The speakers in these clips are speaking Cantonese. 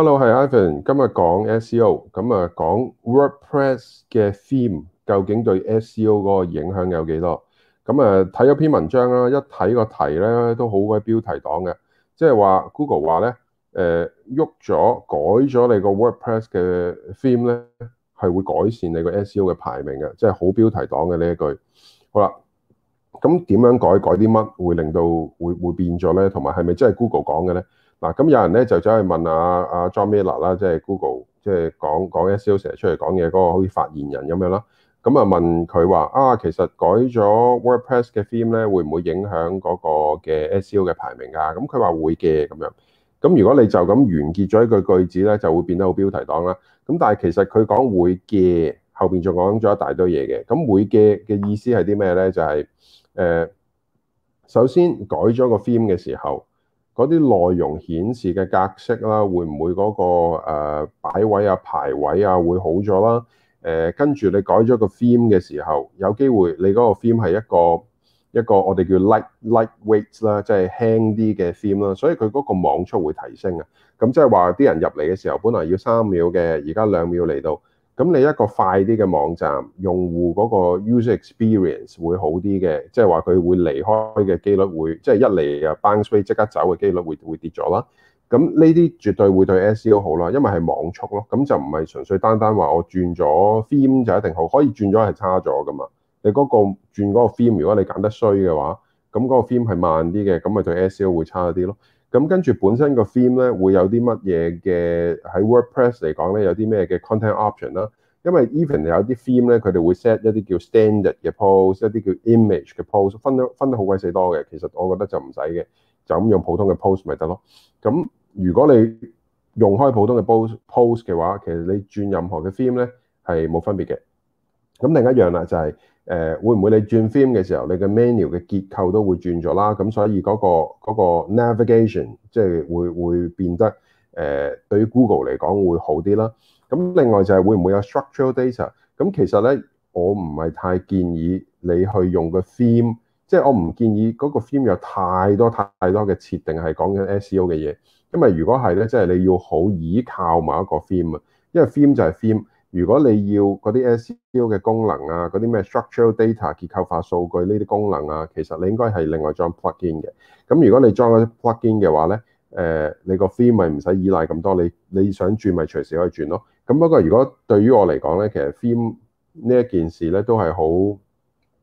Hello，係 Ivan，今日講 SEO，咁啊講 WordPress 嘅 theme 究竟對 SEO 嗰個影響有幾多？咁啊睇咗篇文章啦，一睇個題咧都好鬼標題黨嘅，即係話 Google 話咧誒喐咗改咗你個 WordPress 嘅 theme 咧，係會改善你個 SEO 嘅排名嘅，即係好標題黨嘅呢一句。好啦，咁點樣改改啲乜會令到會會變咗咧？同埋係咪真係 Google 講嘅咧？嗱，咁有人咧就走去問阿阿 John Miller 啦，即係 Google，即係講 SE 講 SEO 成日出嚟講嘢嗰個好似發言人咁樣啦。咁啊問佢話啊，其實改咗 WordPress 嘅 theme 咧，會唔會影響嗰個嘅 SEO 嘅排名㗎？咁佢話會嘅咁樣。咁如果你就咁完結咗一句句子咧，就會變得好標題黨啦。咁但係其實佢講會嘅後邊仲講咗一大堆嘢嘅。咁會嘅嘅意思係啲咩咧？就係、是、誒、呃，首先改咗個 theme 嘅時候。嗰啲內容顯示嘅格式啦，會唔會嗰、嗰個誒、呃、擺位啊排位啊會好咗啦？誒跟住你改咗個 theme 嘅時候，有機會你嗰個 theme 係一個一個我哋叫 light lightweight 啦，即係輕啲嘅 theme 啦，所以佢嗰個網速會提升啊！咁即係話啲人入嚟嘅時候，本來要三秒嘅，而家兩秒嚟到。咁你一個快啲嘅網站，用戶嗰個 user experience 會好啲嘅，即係話佢會離開嘅機率會，即係一嚟就 bounce rate 即刻走嘅機率會會跌咗啦。咁呢啲絕對會對 SEO 好啦，因為係網速咯。咁就唔係純粹單單話我轉咗 theme 就一定好，可以轉咗係差咗噶嘛。你嗰、嗰個轉嗰個 theme，如果你揀得衰嘅話，咁嗰個 theme 係慢啲嘅，咁咪對 SEO 會差啲咯。咁跟住本身個 theme 咧，會有啲乜嘢嘅，喺 WordPress 嚟講咧，有啲咩嘅 content option 啦，因為 even 有啲 theme 咧，佢哋會 set 一啲叫 standard 嘅 post 一啲叫 image 嘅 post 分得分得好鬼死多嘅，其實我覺得就唔使嘅，就咁用普通嘅 post 咪得咯。咁如果你用開普通嘅 post post 嘅話，其實你轉任何嘅 theme 咧係冇分別嘅。咁另一樣啦，就係誒會唔會你轉 theme 嘅時候，你嘅 menu 嘅結構都會轉咗啦。咁所以嗰個嗰個 navigation 即係會會變得誒對於 Google 嚟講會好啲啦。咁另外就係會唔會有 structural data？咁其實咧，我唔係太建議你去用個 theme，即係我唔建議嗰個 theme 有太多太多嘅設定係講緊 SEO 嘅嘢，因為如果係咧，即係你要好倚靠某一個 theme 啊，因為 theme 就係 theme。如果你要嗰啲 SEO 嘅功能啊，嗰啲咩 structural data 結構化數據呢啲功能啊，其實你應該係另外裝 plugin 嘅。咁如果你裝咗 plugin 嘅話咧，誒、呃、你個 theme 咪唔使依賴咁多，你你想轉咪隨時可以轉咯。咁不過如果對於我嚟講咧，其實 theme 呢一件事咧都係好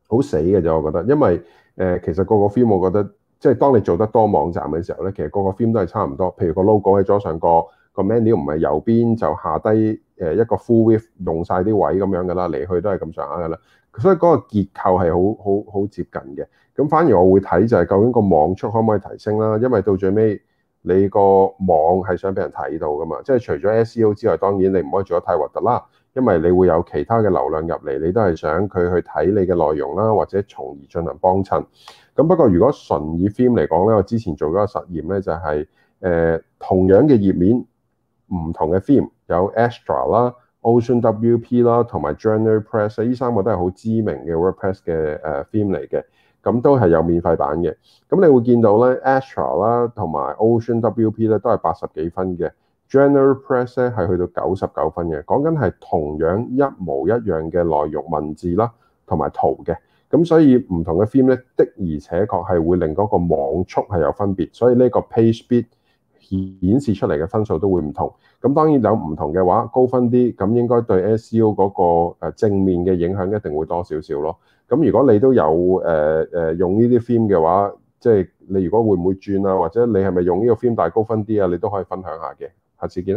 好死嘅啫，我覺得，因為誒、呃、其實個個 theme 我覺得，即係當你做得多網站嘅時候咧，其實個個 theme 都係差唔多。譬如個 logo 喺左上角。個 menu 唔係右邊就下低，誒、一個 full width 用晒啲位咁樣㗎啦，嚟去都係咁上下㗎啦。所以嗰個結構係好好好接近嘅。咁反而我會睇就係究竟個網速可唔可以提升啦？因為到最尾你個網係想俾人睇到㗎嘛，即係除咗 SEO 之外，當然你唔可以做得太核突啦。因為你會有其他嘅流量入嚟，你都係想佢去睇你嘅內容啦，或者從而進行幫襯。咁不過如果純以 film 嚟講咧，我之前做嗰個實驗咧，就係、是、誒、呃、同樣嘅頁面。唔同嘅 theme 有 Astra 啦、Ocean WP 啦，同埋 General Press 呢三個都係好知名嘅 WordPress 嘅誒 theme 嚟嘅，咁都係有免費版嘅。咁你會見到咧，Astra 啦，同埋 Ocean WP 咧都係八十幾分嘅，General Press 咧係去到九十九分嘅。講緊係同樣一模一樣嘅內容文字啦，同埋圖嘅，咁所以唔同嘅 theme 咧的而且確係會令嗰個網速係有分別，所以呢個 Page Speed，顯示出嚟嘅分數都會唔同，咁當然有唔同嘅話，高分啲，咁應該對 SEO 嗰個正面嘅影響一定會多少少咯。咁如果你都有誒誒、呃呃、用呢啲 film 嘅話，即、就、係、是、你如果會唔會轉啊，或者你係咪用呢個 film 大高分啲啊？你都可以分享下嘅，下次見。